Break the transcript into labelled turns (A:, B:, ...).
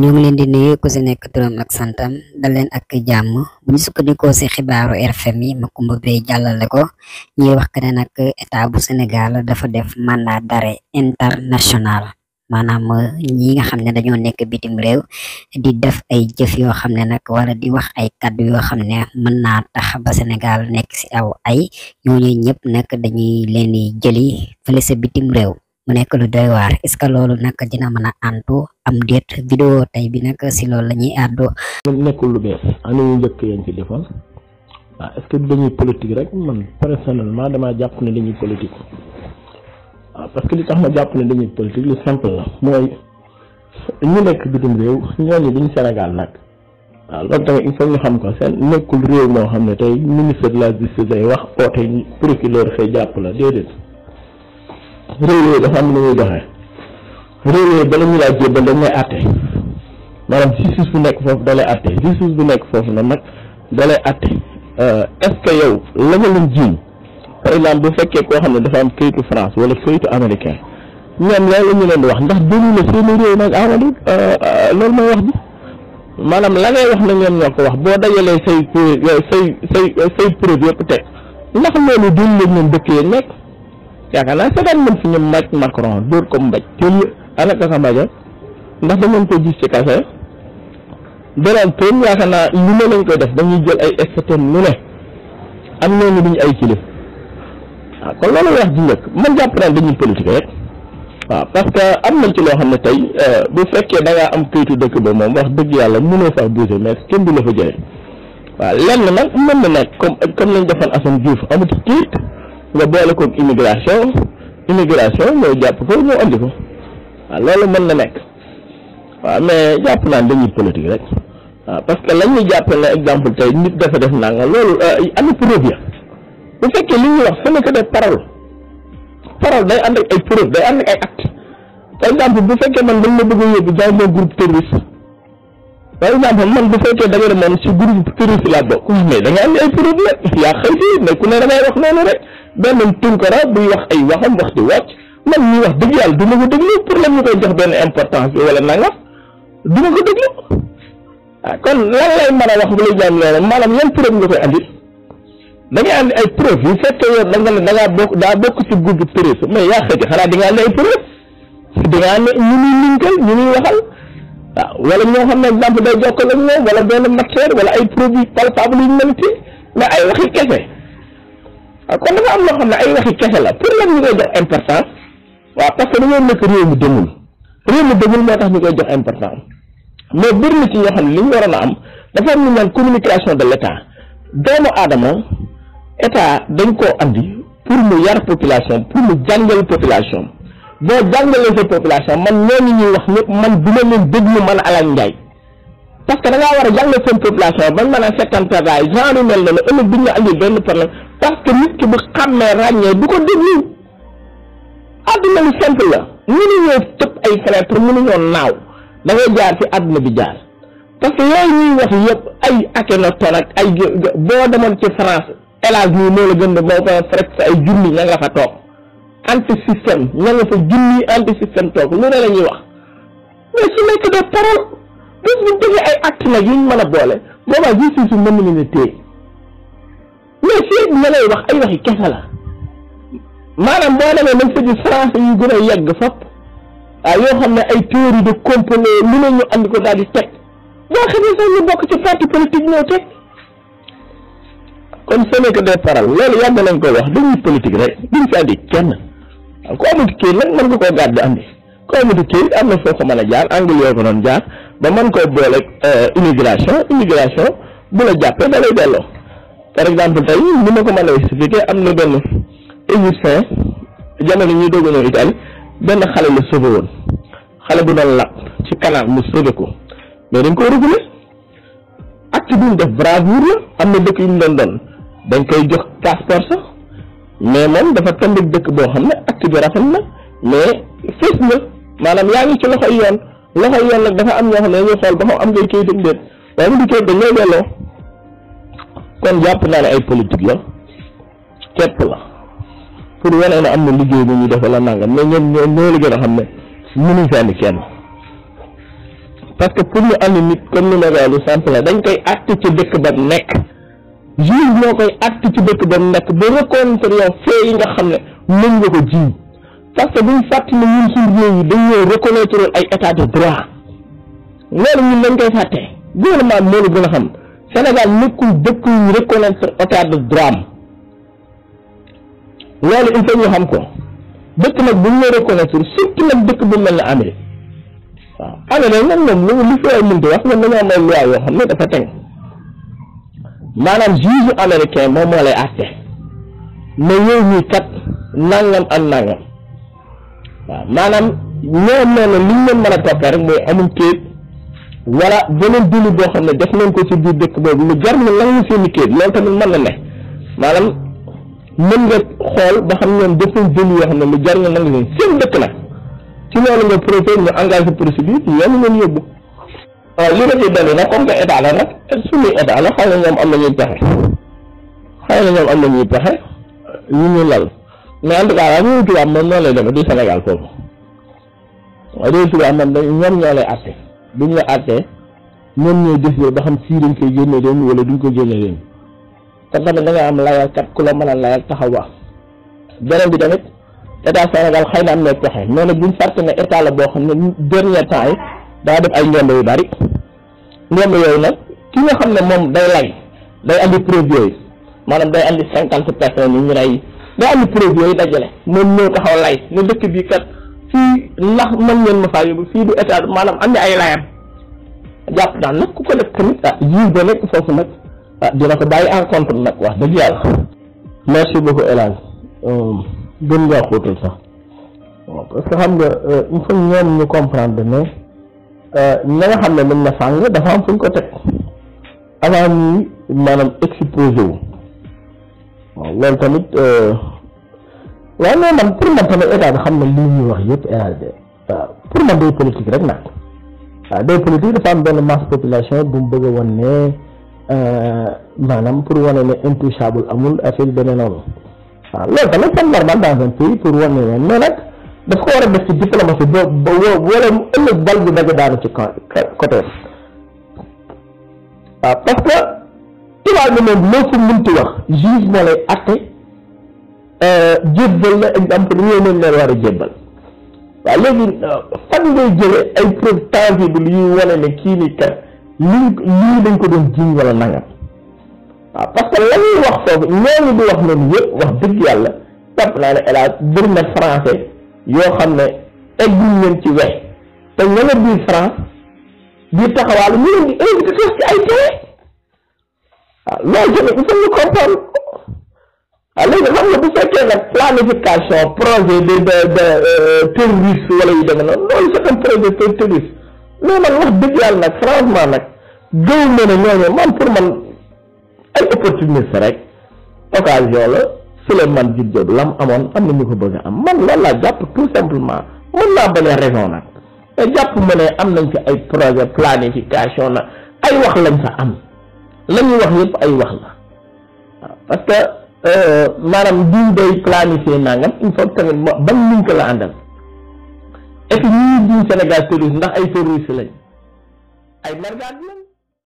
A: ñu ngi leen di nuyu ku si nekk turam ak santam dal leen ak jàmm bu ñu sukkandikoo si xibaaru RFM yi Macoumba Beye jàllale ko ñuy wax que ne nag état bu Sénégal dafa def mandat d'arrêt international maanaam ñi nga xam ne dañoo nekk bitim réew di def ay jëf yoo xam ne nag wala di wax ay kàddu yoo xam ne mën naa tax ba Sénégal nekk si aw ay ñooñu ñëpp nag dañuy leen di jëli fële sa bitim réew. mu nekk lu doy waar est-ce que loolu nag dina mën a àntu am déet vidéo tey bi nag si loolu la ñuy nekkul lu bees am nañu njëkk yéen ci defal ah est-ce que dañuy politique rek man personnellement jàpp ne dañuy politique ah lu ñu nekk bitim réew ñooñu duñ Sénégal nag waaw ah, loolu tamit il faut ñu xam ko seen nekkul réew moo xam ne tey ministre de la day wax oote procureur fay jàpp la déedéet. réew yooyu dafa am na muy doxee réew yooyu bala ñu laa jébbal dañ lay àtte maanaam justice bu nekk foofu dalay àtte justice bu nekk foofu nag nag dalay àtte euh, est-ce que yow la nga leen jiiñ par exemple bu fekkee koo xam ne dafa am këyitu France wala këyitu américain ñoom loolu la leen di wax ndax déglu la seen réew nag Amadou ah euh, euh, loolu mooy wax bi maanaam la ngay wax na ngeen ñoo ko wax boo dajalee say say say say preuve yëpp teg ndax loolu déglu la ñoom dëkk yi yaakaar naa seetaan nañ fi ñoom naaj Macron dóor ko mbaj te ñu ana Casambadio ndax dañu ko gis ci café Donald Trump yaakaar naa lu ne lañ koy def dañuy jël ay experts lu ne am ne ñooñu duñu ay kilif waaw ah, kon loolu wax ji njëkk man jàpp naa dañuy politique rek waaw parce que am na ci loo xam ne tey euh, bu fekkee da ngaa am kayitu dëkk ba moom wax dëgg yàlla mënoo faa bougé mais kenn du la fa jëlee waaw lenn nag mën na nekk comme comme lañ defoon Assane Diouf nga boole koog immigration immigration ñëw jàpp ko ñëw andi ko waaw loolu mën na nekk waaw mais jàpp naa ne dañuy politique rek waaw parce que la ñuy jàpp ne exemple tey nit dafa def naan loolu euh, am preuve ya bu fekkee li ñuy wax ce n'est que des paroles day ànd ak ay preuve day ànd ak ay acte par exemple bu fekkee man dañ ma bëgg a yóbbu dans un groupe man bu fekkee da nga ne man si groupe terroriste laa bokk mais da nga andi ay preuve rek yaa xëy si ku ne da ngay wax noonu rek benn tunkara buy wax ay waxam wax di wàcc man ñuy wax dëgg yàlla du ma ko déglu pour lan ñu koy jox benn importance bi wala du ma ko déglu ah kon lan lay a wax bu lay jaam loolu maanaam yan preuve nga koy andi da ngay andi ay preuve yu fekkee yow da nga ne da ngaa mais yaa xëy xanaa di nga andi ay preuve di nga andi ñu muy linkal ñu muy waxal waaw ah, wala ñoo xam ne exemple day jokkal ak ñoom wala benn matière wala ay preuve palpable yu mel ay waxi kese. waaw kon dafa am loo xam ne ay waxi kese la pour lan ñu koy jox importance waaw parce que dañoo nekk réew mi demul réew mi demul moo tax ñu koy jox importance mais bëri na ci ñoo xam ne li ñu waroon am dafa am ñu naan communication de l' état doomu aadama état dañ koo andi pour yar population pour mu jàngal population boo jàngalee sa population man ñooñu ñuy wax ñëpp man duma leen déglu man Alane Ndiaye parce que da ngaa war a jàngal seen population bañ mën a seetaan perte genre yu mel noonu ëllëg bu ñu la andi benn problème. parce que nit ki bu xàmmee ràññee du ko déglu àdduna lu simple la mënuñoo tëb ay fenêtre mënuñoo naaw da ngay jaar fi àdduna bi jaar parce que yooyu ñuy wax yëpp ay Akhenaton ak ay boo demoon ci France élage nii moo la gën a toog anti système ña nga fa junni anti système toog lu ne la ñuy wax mais su nekk de parole bu déggee ay acte nag yuñ mën a boole boobaa justice bi mën nañu ne téye nga fii nga lay wax ay waxi kese la maanaam boo demee nañ fa gis français yu gën a yegg fop waaw yoo xam ne ay théorie de complot mu ne ñu andi ko daal di teg boo xam ne sax ñu bokk ci parti politique ñoo teg kon ce n'est que des loolu yàgg nañ ko wax dañuy politique rek duñ fi andi kenn ku amul kii nag mën nga koo gàddu andi ku amul kii am na foo ko mën a jaar angle yoo ko doon jaar ba mën koo boole euh, immigration immigration bu la jàppee da lay par exemple tay ni mako mala mën a expliquer amna ben égyptien jamono ñuy doog no ital ben xalé xale la sauvé woon xale bu dal la ci kanam mu sobe ko mais dañ ko reguler ak ci buñ def bravoure amna am na dëkk yu mu doon dañ koy jox passeport sax mais mom dafa tëmbik dëkk bo xamne ak ci bi rafet na mais fess na manam yaa ngi ci loxoy yoon loxoy yoon nak dafa am ñoo xamne ne xol dafa am ngey kay ak déet waaye mu di kayit dañ lay delloo kon jàpp naa ne ay politique la képp la pour wane am na liggéey bu ñu defal la nangam mais ñoom ñoo ñoo la gën a xam ne mënuñ fi kenn parce que pour ñu andi nit comme ni ma lu simple la dañ koy acte ci dëkk ba nekk juge moo koy acte ci dëkk ba nekk ba reconnaître yow fee yi nga xam ne mën nga ko jiw parce que buñ fàttali ne ñun suñu réew yi dañoo reconnaître ay état de droit loolu ñun dañ koy fàtte gouvernement moo la gën a xam. Sénégal nekkul dëkk yu reconnaître état de droit loolu il ko dëkk nag bu ñu la reconnaître surtout nag dëkk bu mel ne Amérique waaw Amérique lu fi waay mënti wax ñoom dañoo am ay loi yoo xam ne dafa teg maanaam juge américain moom moo kat nangam ak nangam waaw maanaam ñoom nee na li ñu mën a toppee rek mooy amul kéet. wala beneen dund boo xam ne def nañ ko ci biir dëkk boobu lu jar na nangu seeni kayit loolu tamit mën na ne maanaam mën nga xool ba xam ñoom def nañ dund yoo xam ne lu jar na nangu seen seen dëkk la ci loolu nga procédure ñu engagé procédure ñoom li nga ciy dolli nag comme que état la na ñoom am na ñuy pexe xëy na ñoom am na ñuy pexe ñu ñu lal mais en tout cas waaw ñuy tubaab moom noonu lay demee du Sénégal foofu waaye du tubaab moom dañ ñoom ñoo lay àtte buñ la àttee ñoom ñooy def yow ba xam fii dañ koy génne leen wala duñ ko génne leen te tamit da am am layalkat ku la mën a layal taxaw wax beneen bi tamit état Sénégal xëy na am na pexe mais nag buñ fàtte ne état la boo xam ne dernier temps yi daa def ay ndomb yu bari ndomb yooyu nag ki nga xam ne moom day lay day indi preuve yooyu maanaam day andi cinquante personnes yi ñu rey day indi preuve yooyu dajale moom ñëw taxaw lay ne dëkk bi kat fii ndax mën ngeen ma faa yóbbu fii du état maanaam am ay layam jàpp daal nag ku ko def tamit ah jiw ba nag foofu nag ah, dina ko bàyyi en compte nag wax dëgg yàlla. merci beaucoup El Hadj euh, gën ngaa xóotal sax waaw parce que xam nga euh, il faut ñoom ñu comprendre ne euh, ña xam ne mën na sàng dafa am fu ñu ko teg avant maanaam exposé wu loolu tamit. waaw mais man pour man tamit état bi xam na li ñuy wax yëpp état man day politique rek nag waaw day politique dafa am benn masse population bu mu bëgg a euh, maanaam pour wane ne intouchable amul affaire yu demee noonu waaw tamit c'est normal dans un pays pour wane ne mais nag daf war a def ci diplomatie ba wala mu ëllëg bal bi daje daanu ci côté waaw parce tubaab bi moom loo fa munti wax juge moo lay atte Euh, jébbal la exemple ñoo leen leen war a jébbal waaw léegi euh, fan ngay jëlee ay preuve tangible yuy wane ne kii ni kat lii lii dañ ko doon jiñ wala nangam waaw parce que la ñuy wax foofu ñooñu di wax noonu yëpp wax dëgg yàlla jàpp naa ne hélas bëri na français yoo xam ne egguñ leen ci wex te ña nga biir France biir taxawaal ñu di invité sax ci ay télé waaw loolu tamit il faut ñu comprendre waaw ah, léegi xam nga bu fekkee nag planification projet de de de euh, terroriste wala yu demee noonu loolu projet de terroriste mais man wax dëgg yàlla nag franchement nag gëw ma ne ñooñu man pour man ay opportuniste rek occasion la Souleymane Jules Diop la mu amoon am na ñu ko bëgg a am man loolu laa jàpp tout simplement mën naa bañ a raison nag jàpp ma ne am nañ ci ay projet planification nag ay wax lañ fa am la wax yëpp ay wax la ah, Euh, maanaam diw day planifier nangam il faut tamit ban la àndal est-ce diw Sénégal terroriste ndax ay terroriste lañ ay margaat lañ